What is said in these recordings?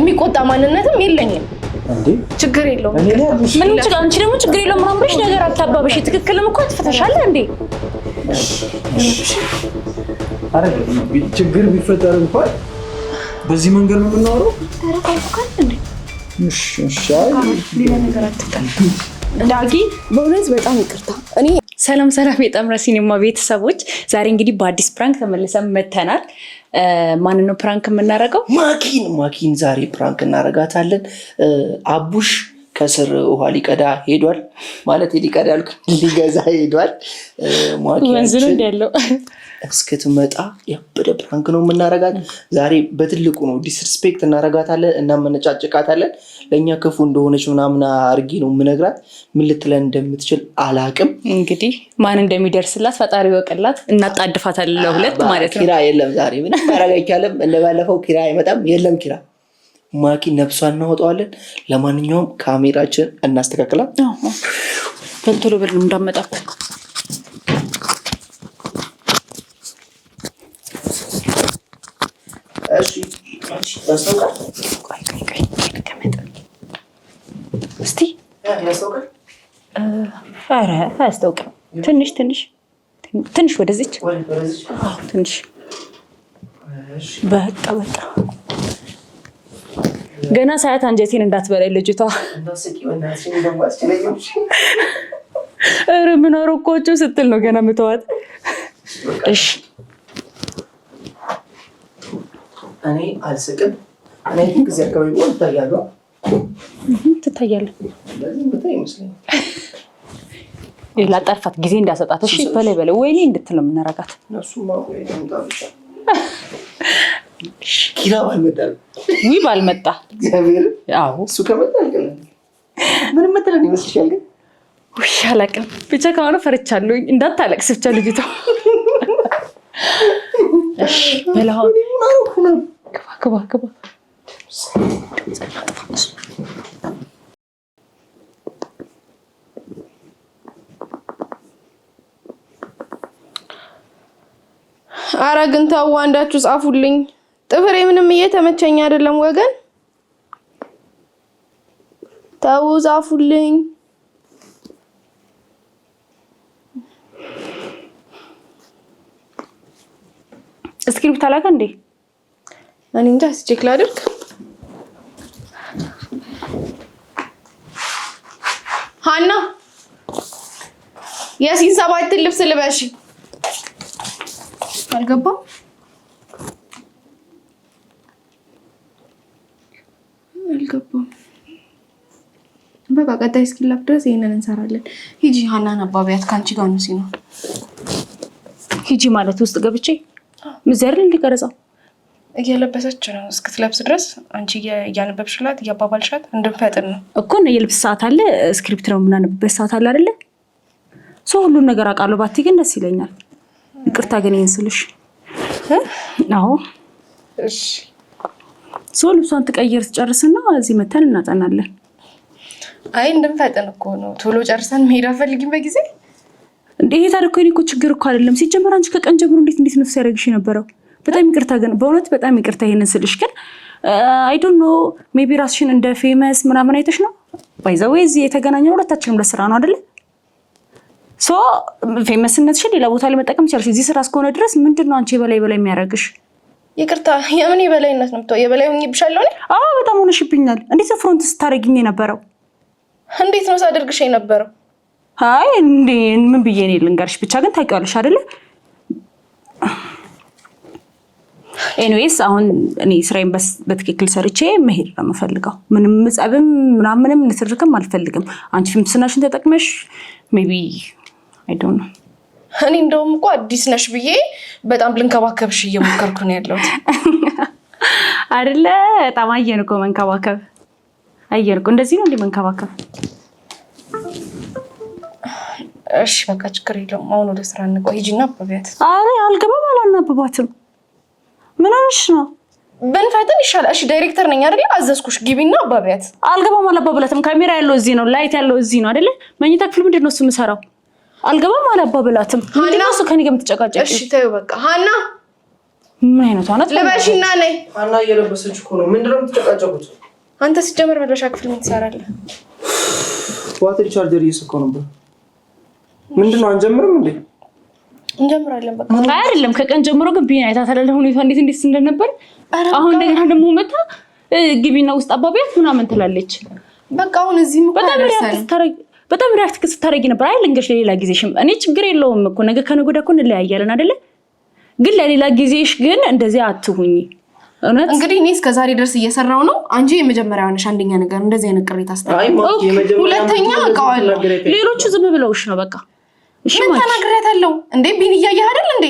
የሚቆጣ ማንነትም የለኝም። ችግር የለውም። ምንም ችግር አንቺ ደግሞ ችግር የለውም ምናምን ነገር አታባበሽ። ትክክልም እኮ ትፈተሻለ እንዴ? አረ ችግር ቢፈጠር እንኳን በዚህ መንገድ ነው የምናወራው። ዳጊ በእውነት በጣም ይቅርታ እኔ ሰላም ሰላም፣ የጠምረ ሲኒማ ቤተሰቦች ዛሬ እንግዲህ በአዲስ ፕራንክ ተመልሰን መተናል። ማን ነው ፕራንክ የምናረገው? ማኪን ማኪን ዛሬ ፕራንክ እናረጋታለን። አቡሽ ከስር ውሃ ሊቀዳ ሄዷል። ማለት ሊቀዳ ሊገዛ ሄዷል። ማኪን ወንዝ ነው እንዳለው እስክትመጣ ያበደ ፕራንክ ነው የምናረጋት። ዛሬ በትልቁ ነው ዲስሪስፔክት እናረጋታለን እና መነጫጭቃታለን። ለእኛ ክፉ እንደሆነች ምናምን አርጌ ነው የምነግራት። ምን ልትለን እንደምትችል አላቅም። እንግዲህ ማን እንደሚደርስላት ፈጣሪ ወቅላት። እናጣድፋታለን ለሁለት ማለት ነው። ኪራ የለም ዛሬ ምንም ማረግ አይቻልም። እንደባለፈው ኪራ አይመጣም። የለም ኪራ ማኪ ነብሷ እናወጣዋለን። ለማንኛውም ካሜራችን እናስተካክላል። ቶሎ በል እንዳመጣ አያስታውቅም። ትንሽ ትንሽ ትንሽ ወደዚች ትንሽ በቃ በቃ ገና ሳያት አንጀቴን እንዳትበላይ ልጅቷ። ኧረ ምን ስትል ነው ገና ምተዋት። እሺ እኔ አልስቅም። እኔ ጊዜ አካባቢ ቆይ ይታያሉ ትታያለ ይመስለኛል። ላጠርፋት ጊዜ እንዳሰጣት እሺ፣ በላይ በላይ ወይኔ እንድትል ነው የምናረጋት። ኪራ ባልመጣ ዊ ባልመጣ እግዚአብሔር እሱ ከመጣ ምንም መጥለን ይመስልሻል? ግን ውይ አላቅም ብቻ ከሆነ ፈርቻለሁኝ። እንዳታለቅስ ብቻ ልጅቷ ግባ ግባ ግባ። አረ ግን ተው አንዳችሁ ጻፉልኝ። ጥፍሬ ምንም እየተመቸኝ አይደለም ወገን፣ ተው ጻፉልኝ። እስክሪፕት አላከ እንዴ? እኔ እንጃ ስቼክ ላድርግ። ሀና የሲን ሰባትን ልብስ ልበሽ። አልገባም። አልገባም። በቃ ቀጣይ እስኪላፍ ድረስ ይሄንን እንሰራለን። ሂጂ ሀናን አባቢያት ከአንቺ ጋር ነው ሲኖር ሂጂ ማለት ውስጥ ገብቼ ምዘርን እንዲቀረጻው እየለበሰች ነው። እስክትለብስ ድረስ አንቺ እያነበብሽላት እያባባልሻት እንድንፈጥን ነው እኮ። የልብስ ሰዓት አለ፣ ስክሪፕት ነው የምናነብበት ሰዓት አለ አደለ ሰው ሁሉን ነገር አውቃለሁ ባቲ ግን ደስ ይለኛል። ይቅርታ ግን ይህን ስልሽ አዎ። ሰው ልብሷን ትቀይር ትጨርስና እዚህ መተን እናጠናለን። አይ እንድንፈጥን እኮ ነው። ቶሎ ጨርሰን መሄድ አፈልጊም በጊዜ እንዴ። ይሄ ታሪኮ እኮ ችግር እኮ አይደለም። ሲጀመር አንቺ ከቀን ጀምሮ እንዴት እንዴት ነፍስ ያደረግሽ የነበረው በጣም ይቅርታ ግን በእውነት በጣም ይቅርታ ይሄንን ስልሽ ግን አይ ዶንት ኖ ሜቢ ራስሽን እንደ ፌመስ ምናምን አይተሽ ነው ባይ ዘ ዌይ እዚህ የተገናኘነው ሁለታችንም ለስራ ነው አይደለ ሶ ፌመስነትሽን ሌላ ቦታ ላይ መጠቀም ይቻልሽ እዚህ ስራ እስከሆነ ድረስ ምንድን ነው አንቺ የበላይ በላይ የሚያደርግሽ ይቅርታ የምን የበላይነት ነው የምታወ የበላይ ሆኜብሻለሁ እኔ አዎ በጣም ሆነሽብኛል እንዴት ፍሮንት ስታደርጊኝ የነበረው እንዴት ነው ሳደርግሽ የነበረው አይ ምን ብዬ እኔ ልንገርሽ ብቻ ግን ታውቂዋለሽ አይደለ ኤኒዌይስ አሁን እኔ ስራዬን በትክክል ሰርቼ መሄድ ነው የምፈልገው። ምንም ጸብም ምናምንም ንትርክም አልፈልግም። አንቺ ፍምስናሽን ተጠቅመሽ ሜይ ቢ አይ ዶንት ኖ እኔ እንደውም እኮ አዲስ ነሽ ብዬ በጣም ልንከባከብሽ እየሞከርኩ ነው ያለሁት። አይደለ በጣም አየን እኮ መንከባከብ፣ አየን እኮ እንደዚህ ነው እንዲህ መንከባከብ። እሺ በቃ ችግር የለውም። አሁን ወደ ስራ እንቆይ። ሂጂና አበቢያት። አረ አልገባም፣ አላናብባትም ምን ሆንሽ ነው? ብንፈጥን ይሻላል። እሺ ዳይሬክተር ነኝ አይደለ? አዘዝኩሽ ግቢና አባቢያት። አልገባም አላባብላትም። ካሜራ ያለው እዚህ ነው፣ ላይት ያለው እዚህ ነው አይደለ? መኝታ ክፍል ምንድን ነው እሱ የምሰራው? አልገባም አላባብላትም። ምንድን ነው እሱ ከኔ ጋር የምትጨቃጨቅ? እሺ ተይው በቃ ሀና ምን አይነቷ ናት? ልበሽና ነይ ሀና። እየለበሰች እኮ ነው። ምንድን ነው የምትጨቃጨቁት? አንተ ሲጀመር መድረሻ ክፍል ምን ትሰራለህ? ዋትሪ ቻርጀር እየሰካሁ ነበር። ምንድን ነው አንጀምርም እንዴ? እንጀምራለን በቃ አይደለም። ከቀን ጀምሮ ግን ቢና የታተለለ ሁኔታ እንዴት እንዴት እንደነበር አሁን እንደገና ደግሞ መታ ግቢና ውስጥ አባቢያት ምናምን ትላለች። በቃ አሁን እዚህ በጣም ሪያክት ስታደርጊ ነበር። አይ ልንገሽ ለሌላ ጊዜሽ እኔ ችግር የለውም እኮ ነገ ከነገ ወዲያ እኮ እንለያያለን አይደለ? ግን ለሌላ ጊዜሽ ግን እንደዚህ አትሁኝ። እውነት እንግዲህ እኔ እስከ ዛሬ ድረስ እየሰራው ነው። አንቺ የመጀመሪያ ሆነሽ አንደኛ ነገር እንደዚህ አይነት ቅሬታ ስታ፣ ሁለተኛ እቃዋለሁ ሌሎቹ ዝም ብለውሽ ነው በቃ ምን ተናግሬያታለሁ እንዴ? ቢን እያየህ አይደል እንዴ?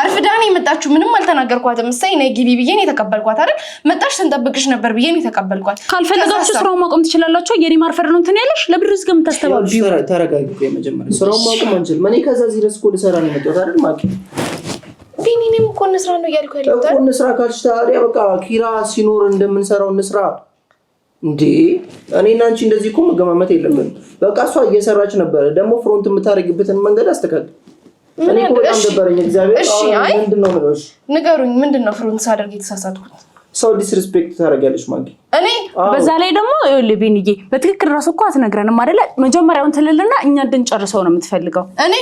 አርፍዳ ነው የመጣችሁ። ምንም አልተናገርኳትም። እሰይ ነይ ግቢ ብዬን የተቀበልኳት አይደል? መጣሽ ስንጠብቅሽ ነበር ብዬን የተቀበልኳት። ካልፈለጋችሁ ስራውን ማቆም ትችላላችሁ። የኔ ማርፈር ነው እንትን ያለሽ ለብር ዝገ ምታስተባሉ። ተረጋጊ። መጀመሪያ ስራውን ማቆም አንችልም። እኔ ከዛ እዚህ ድረስ እኮ ልሰራ ነው የመጣሁት አይደል? ማቂ ቢኒኔም እኮ እንስራ ነው እያልኩ ያለሁት እኮ እንስራ ካልሽ ታዲያ በቃ ኪራ ሲኖር እንደምንሰራው እንስራ እንዴ እኔ እና አንቺ እንደዚህ እኮ መገማመት የለብን። በቃ እሷ እየሰራች ነበረ። ደግሞ ፍሮንት የምታደርግበትን መንገድ አስተካክል። እኔ እኮ በጣም ደበረኝ። እግዚአብሔር ምንድን ነው የምለው? ንገሩኝ፣ ምንድን ነው ፍሮንት ሳደርግ የተሳሳትኩት? ሰው ዲስሪስፔክት ታደርጊያለሽ ማጌ። እኔ በዛ ላይ ደግሞ ይኸውልህ ቤንዬ፣ በትክክል ራሱ እኮ አትነግረንም አይደለ? መጀመሪያውን ትልልና እኛ እንድንጨርሰው ነው የምትፈልገው። እኔ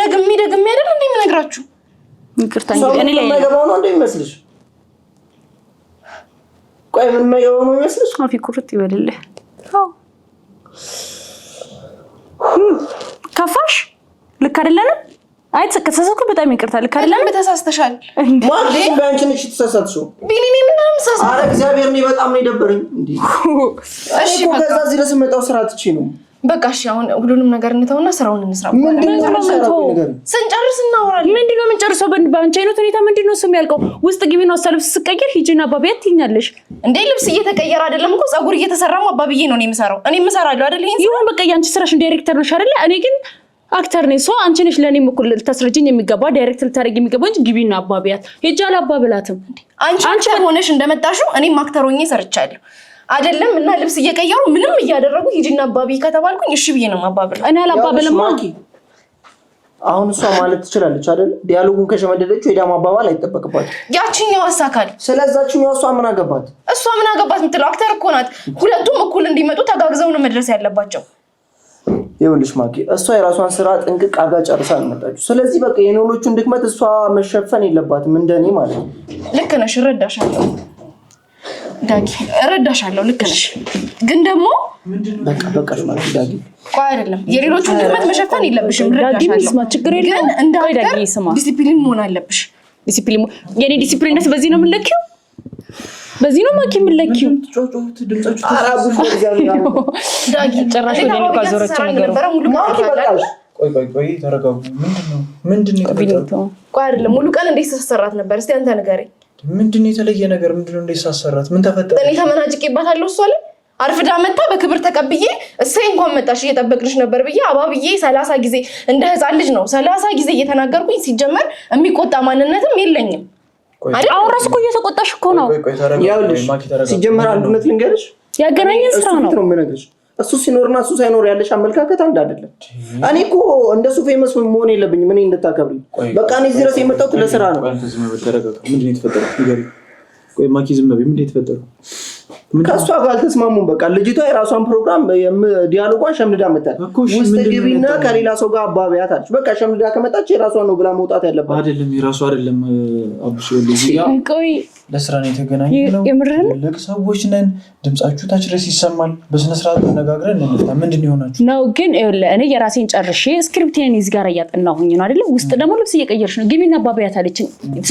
ደግሜ ደግሜ አይደል እንደምነግራችሁ። ይቅርታ እኔ ላይ ነው እንደሚመስልሽ ቆይ የምንመገበው ነው የሚመስልሽ? አፌ ኩርት ይበልልህ። ከፋሽ? ልክ አይደለንም። አይ ከተሳሳትኩ በጣም ይቅርታ። ልክ አይደለንም። ተሳስተሻል። ማለትሽም በአንቺ ነሽ የተሳሳትሽው። ቢኒ እኔ ምንም ሳሳት። እግዚአብሔር እኔ በጣም ነው የደበረኝ። እንዴ! እሺ ከዛ እዚህ ለስመጣው ስራ ትቼ ነው በቃ እሺ፣ አሁን ሁሉንም ነገር እንተውና ስራውን እንስራ። ስንጨርስ እናወራለን። ምንድነው የምንጨርሰው? በአንቺ አይነት ሁኔታ ነው ስም ያልቀው? ውስጥ ግቢና እሷ ልብስ ስቀይር ሂጂና አባብዬ ትይኛለሽ እንዴ? ልብስ እየተቀየረ አይደለም እኮ ፀጉር እየተሰራ አባብዬ ነው የምሰራው እኔ የምሰራለሁ አይደል? ይሁን በቃ የአንቺ ስራሽ ዳይሬክተር ነሽ አይደለ? እኔ ግን አክተር ነኝ። ሰው አንቺ ነሽ ለእኔ እኮ ልታስረጅኝ የሚገባ ዳይሬክት ልታደርግ የሚገባ እንጂ ግቢና አባቢያት ሄጃ አላባብላትም። አንቺ ሆነሽ እንደመጣሽው እኔም አክተር ሆኜ ሰርቻለሁ። አይደለም እና ልብስ እየቀየሩ ምንም እያደረጉ ሂጂና አባቢ ከተባልኩኝ እሺ ብዬ ነው ማባብል። እኔ አላባበልማ። አሁን እሷ ማለት ትችላለች አይደል? ዲያሎጉን ከሸመደደችው ሄዳ ማባባል አይጠበቅባት። ያችኛው አሳካል። ስለዛችኛው እሷ ምን አገባት? እሷ ምን አገባት የምትለው አክተር እኮ ናት። ሁለቱም እኩል እንዲመጡ ተጋግዘው ነው መድረስ ያለባቸው። ይኸውልሽ ማኪ፣ እሷ የራሷን ስራ ጥንቅቅ አርጋ ጨርሳ አልመጣችሁ። ስለዚህ በቃ የኔዎቹን ድክመት እሷ መሸፈን የለባትም እንደኔ ማለት ነው። ልክ ነሽ፣ እረዳሻለሁ ዳጊ እረዳሻለሁ፣ ልክ ነሽ። ግን ደግሞ በቃ በቃሽ አይደለም ድክመት መሸፈን የለብሽም። ችግር የለም። እንደ ሀገር ዲሲፕሊን መሆን አለብሽ። ዲሲፕሊን የኔ ዲሲፕሊንነት በዚህ ነው የምንለኪው፣ በዚህ ነው ማኪ የምንለኪው። ጭራሽ አይደለም ሙሉ ቀን እንዴት ተሰራት ነበር? እስቲ አንተ ንገረኝ። ምንድን የተለየ ነገር? ምንድን ነው ሳሰራት? ምን ተፈጠረ? እኔ ተመናጭቄባታለሁ። እሷ ላይ አርፍዳ መታ በክብር ተቀብዬ እሰይ እንኳን መጣሽ እየጠበቅንሽ ነበር ብዬ አባብዬ ሰላሳ ጊዜ እንደ ሕፃን ልጅ ነው ሰላሳ ጊዜ እየተናገርኩኝ። ሲጀመር የሚቆጣ ማንነትም የለኝም። አሁን እራሱ እኮ እየተቆጣሽ እኮ ነው። ሲጀመር አንዱነት ልንገርሽ፣ ያገናኘን ስራ ነው እሱ ሲኖርና እሱ ሳይኖር ያለሽ አመለካከት አንድ አይደለም። እኔ እኮ እንደሱ ፌመስ መሆን የለብኝ ምን እንድታከብሪኝ በቃ እኔ እዚህ ድረስ የመጣሁት ለስራ ነው። ከእሷ ጋር አልተስማሙም። በቃ ልጅቷ የራሷን ፕሮግራም ዲያሎጓን ሸምድዳ መጣች። ውስጥ ግቢና ከሌላ ሰው ጋር አባቢያት አለች። በቃ ሸምድዳ ከመጣች የራሷ ነው ብላ መውጣት ያለባት አይደለም። የራሷ አይደለም ለስራ ነው የተገናኘነው። ትልቅ ሰዎች ነን። ድምፃችሁ ታች ድረስ ይሰማል። በስነስርዓት ተነጋግረን እንታ ምንድን የሆናችሁ ነው ግን እኔ የራሴን ጨርሼ እስክሪፕቴን እዚህ ጋር እያጠናሁኝ ነው አይደለም። ውስጥ ደግሞ ልብስ እየቀየርሽ ነው። ግቢና አባቢያት አለችን።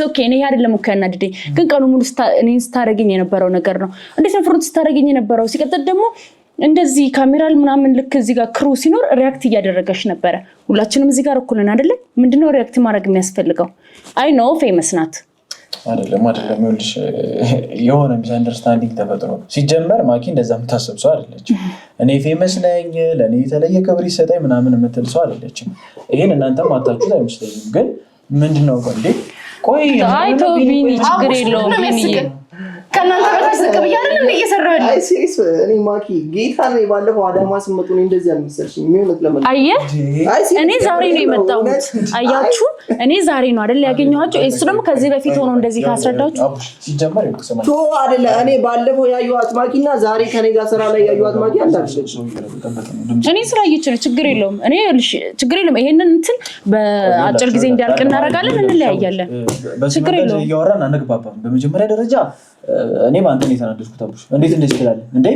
ኦኬ እኔ አይደለም እኮ ያናድደኝ፣ ግን ቀኑ ሙሉ እኔን ስታደርገኝ የነበረው ነገር ነው። እንዴት ነው ፍሩት ስታደርገኝ የነበረው። ሲቀጥል ደግሞ እንደዚህ ካሜራል ምናምን ልክ እዚህ ጋር ክሩ ሲኖር ሪያክት እያደረገች ነበረ። ሁላችንም እዚህ ጋር እኩልን አይደለም። ምንድነው ሪያክት ማድረግ የሚያስፈልገው? አይ ኖ ፌመስ ናት አይደለም አይደለም። ይኸውልሽ የሆነ ሚስ አንደርስታንዲንግ ተፈጥሮ ሲጀመር ማኪ እንደዛ የምታስብ ሰው አይደለችም። እኔ ፌመስ ነኝ ለእኔ የተለየ ክብር ይሰጠኝ ምናምን የምትል ሰው አይደለችም። ይህን እናንተም አታችሁት አይመስለኝም። ግን ምንድን ነው ቆይ ቆይ ቢኒ ችግር የለውም ከእናንተ በታች ዝቅ ብዬ አይደለም እየሰራሁ እኔ ማኪ ጌታ ነው። ባለፈው አዳማ ስመጡ እንደዚህ አልመሰልሽኝ። እኔ ዛሬ ነው የመጣሁት። አያችሁ እኔ ዛሬ ነው ያገኘኋቸው። እሱ ደግሞ ከዚህ በፊት ሆኖ እንደዚህ ካስረዳችሁ ቶ እኔ ባለፈው ያየኋት ማኪ እና ዛሬ ከኔ ጋር ስራ ላይ ያየኋት ማኪ እኔ ስራ ችግር የለውም እኔ ችግር የለውም። ይሄንን እንትን በአጭር ጊዜ እንዲያልቅ እናደርጋለን፣ እንለያያለን። ችግር የለውም። እያወራን አንግባባም በመጀመሪያ ደረጃ እኔ በአንተ ነው የተናደድኩት አብሮሽ እንዴት እንደዚህ ትላለህ እንዴ?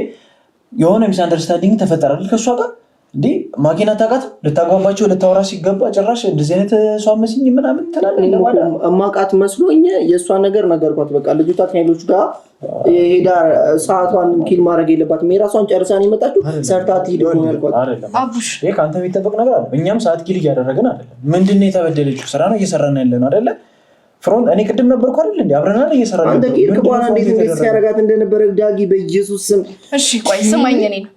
የሆነ ሚስ አንደርስታንዲንግ ተፈጠራል ከእሷ ጋር እንዴ ማኪና ታውቃት ልታጓባቸው ልታወራ ሲገባ ጭራሽ እንደዚህ አይነት እሷ መስኝ ምናምን ትላለህ። እማውቃት መስሎኝ የእሷን ነገር ነገርኳት። በቃ ልጅቷ ከሌሎች ጋር ሄዳ ሰዓቷን ኪል ማድረግ የለባትም። የራሷን ጨርሳን የመጣችው ሰርታ ትሂድ ያልኳት። ከአንተ የሚጠበቅ ነገር አለ። እኛም ሰዓት ኪል እያደረግን አይደለም። ምንድን ነው የተበደለችው? ስራ ነው እየሰራን ያለ ነው አይደለ? ፍሮን እኔ ቅድም ነበርኩ አይደል እንዴ? አብረናል እየሰራ አንተ ቂርቅ በኋላ እንዴት እንዴት ሲያረጋት እንደነበረ ዳጊ፣ በኢየሱስ ስም እሺ፣ ቆይ ስማኝ፣ እኔን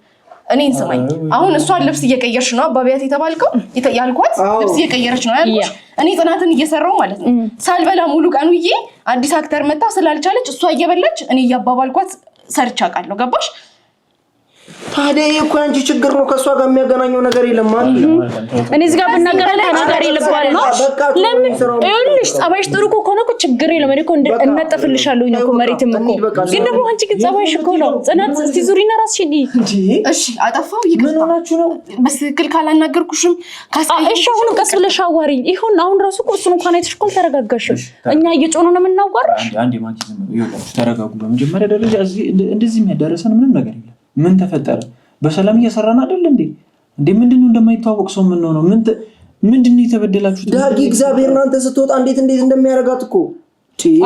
እኔን ስማኝ። አሁን እሷን ልብስ እየቀየርሽ ነው አባቢያት የተባልከው ያልኳት ልብስ እየቀየረች ነው ያልኩሽ። እኔ ጥናትን እየሰራው ማለት ነው ሳልበላ ሙሉ ቀን ውዬ አዲስ አክተር መታ ስላልቻለች እሷ እየበላች እኔ እያባባልኳት ሰርቻ ቃል ነው ገባሽ? ታዲያ ይሄ እኮ ያንቺ ችግር ነው። ከእሷ ጋር የሚያገናኘው ነገር የለም ማለት እኔ እዚህ ጋር ብናገር ነገር ይልባል ነው። ለምን ይኸውልሽ፣ ጸባይሽ ጥሩ እኮ ከሆነ እኮ ችግር የለም። እኔ እኮ እናጠፍልሻለሁ እኮ መሬትም እኮ ግን ደግሞ አንቺ ግን ጸባይሽ እኮ ነው። ጽናት እስቲ ዙሪና ራስሽ እንዲ እሺ፣ አጠፋው ይቅር ምን ሆናችሁ ነው? በትክክል ካላናገርኩሽም እሺ፣ አሁን ቀስ ብለሽ አዋሪኝ። ይሁን አሁን ራሱ እኮ እሱን እንኳን አይተሽ እኮ አልተረጋጋሽም። እኛ እየጮኑ ነው የምናዋራሽ። አንዴ ማንቺ ተረጋጉ። በመጀመሪያ ደረጃ እንደዚህ የሚያደረሰን ምንም ነገር የለም። ምን ተፈጠረ? በሰላም እየሰራን አይደል እንዴ? እንዴ ምንድነው እንደማይተዋወቅ ሰው ምን ሆነው? ምንድነው የተበደላችሁት? ዳጊ እግዚአብሔር እናንተ ስትወጣ እንዴት እንዴት እንደሚያደርጋት እኮ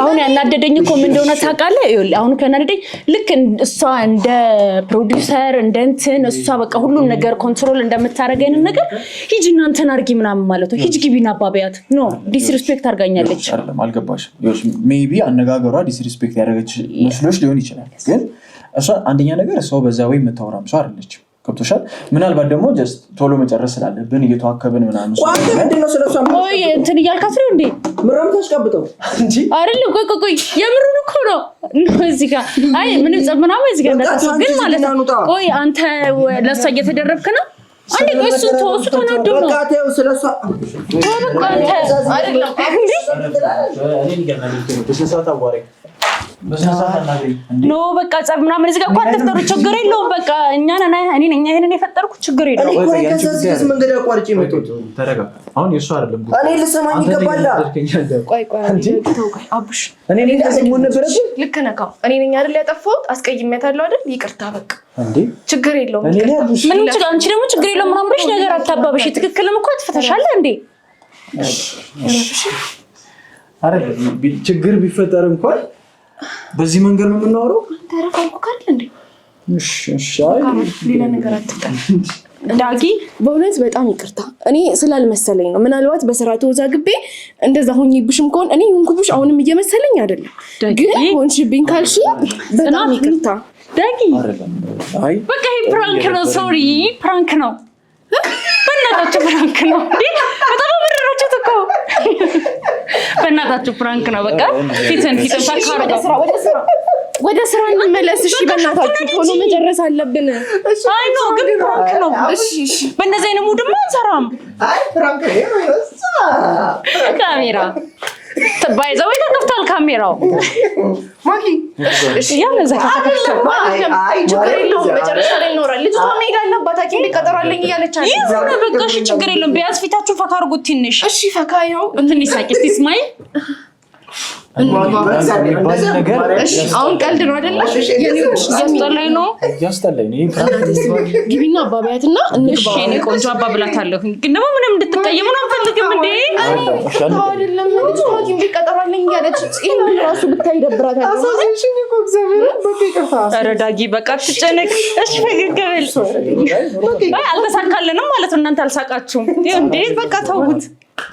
አሁን ያናደደኝ እኮ ምን እንደሆነ ታውቃለህ? አሁን ከናደደኝ ልክ እሷ እንደ ፕሮዲውሰር እንደ እንትን እሷ በቃ ሁሉን ነገር ኮንትሮል እንደምታደርገኝ ነገር ሂጂ እናንተን አርጊ ምናምን ማለት ነው። ሂጂ ግቢና አባቢያት ኖ ዲስሪስፔክት አድርጋኛለች። አልገባሽም? ሜይ ቢ አነጋገሯ ዲስሪስፔክት ያደረገች መስሎች ሊሆን ይችላል። ግን እሷ አንደኛ ነገር ሰው በዛ ወይ የምታወራም ሰው አይደለችም ገብቶሻል። ምናልባት ደግሞ ጀስት ቶሎ መጨረስ ስላለብን እየተዋከብን ምናምን እንትን እያልካት ነው እንዴ? ምራም ታስቀብጠው እንጂ አይደል? ቆይ ቆይ፣ የምሩን እኮ ነው እዚህ ጋር። አይ ምንም ጸብ ምናምን እዚህ ጋር እንዳታስብ ግን ማለት ነው። ቆይ አንተ ለእሷ እየተደረብክ ነው አንዴ ቆይ፣ እሱ ተወው፣ እሱ ነው። በቃ አንተ አይደለም ኖ በቃ ጸብ ምናምን እዚህ ጋር እኮ አትፍጠሩ። ችግር የለውም። በቃ እኛ ነን እኔ ነኝ ይሄንን የፈጠርኩት። ችግር የለውም። መንገድ አቋርጬ መጡት። አሁን የእሱ አይደለም እኔ ልሰማኝ ይገባል። ቆይ አቡሽ እኔ ነኝ እንደዚህ ነበረብኝ። ልክ ነህ። እኔ ነኝ አይደል ያጠፋሁት። አስቀይሜታለሁ አይደል? ይቅርታ በቃ ችግር የለውም። ምንም ችግር አንቺ ደግሞ ችግር የለውም ምናምን ብለሽ ነገር አታባብሽ። ትክክልም እኮ አጥፍተሻል እንዴ ችግር ቢፈጠር እንኳን በዚህ መንገድ ነው የምናወራው? ዳጊ በእውነት በጣም ይቅርታ፣ እኔ ስላልመሰለኝ ነው። ምናልባት በስራ ተወዛግቤ እንደዛ ሆኝብሽም ከሆን እኔ ሆንኩብሽ አሁንም እየመሰለኝ አይደለም፣ ግን ሆንሽብኝ ካልሽ በጣም ይቅርታ ዳጊ። በቃ ይሄ ፕራንክ ነው። ሶሪ ፕራንክ ነው። በእናታቸው ፕራንክ ነው። በጣም አበረራችሁት እኮ በእናታችሁ ፕራንክ ነው። በቃ ፊትን ፊትን ወደ ስራ እንመለስ። እሺ፣ በእናታችሁ ሆኖ መጨረስ አለብን። አይ ነው ግን ፕራንክ ነው። እሺ፣ አይነት ሙድማ አንሰራም። አይ ፕራንክ ነው። ካሜራ ባይዘው ተከፍቷል ካሜራው። ማኪ እሺ፣ አይ ችግር የለውም መጨረሻ ላይ ይኖራል። አለ። ችግር የለውም ቢያንስ ፈካ አድርጉት ትንሽ። እሺ፣ ፈካ ይኸው እንትን ስማይ አሁን ቀልድ ነው አይደለ? እያስጠላኝ ነው እያስጠላኝ ግቢና አባቢያት እና እንሽ ቆንጆ ግን ደግሞ ምንም አንፈልግም። ራሱ ብታይ ይደብራታል። ረዳጊ በቃ ትጨነቅ። እሺ ፈገግ በል። አልተሳካልንም ማለት ነው። እናንተ አልሳቃችሁም እንዴ? በቃ ተውት።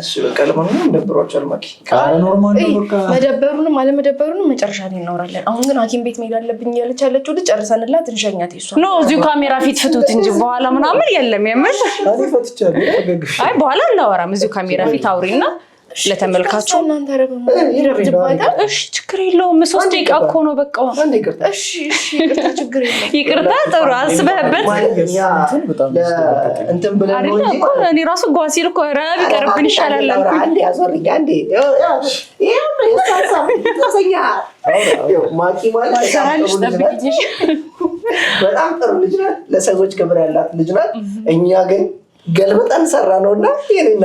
እሱ በቃ ለማንኛውም እንደብሯቸዋል። ማኪ ኖርማል መደበሩንም አለመደበሩንም መጨረሻ ላይ እናወራለን። አሁን ግን ሐኪም ቤት መሄድ አለብኝ እያለች ያለችው ልጅ ጨርሰንላት እንሸኛት። የእሷ ኖ እዚሁ ካሜራ ፊት ፍቱት እንጂ በኋላ ምናምን የለም የምል አይ በኋላ እናወራም። እዚሁ ካሜራ ፊት አውሪና ለተመልካቹ ችግር የለውም። ሶስት ደቂቃ እኮ ነው በቃ። ይቅርታ ጥሩ አስበህበት እኔ ራሱ ጓዝ ሲል እኮ ኧረ ቢቀርብን ይሻላል በጣም ጥሩ ልጅ ናት። ለሰዎች ክብር ያላት ልጅ ናት። እኛ ግን ገልብጠን ሰራ ነው እና ይህንና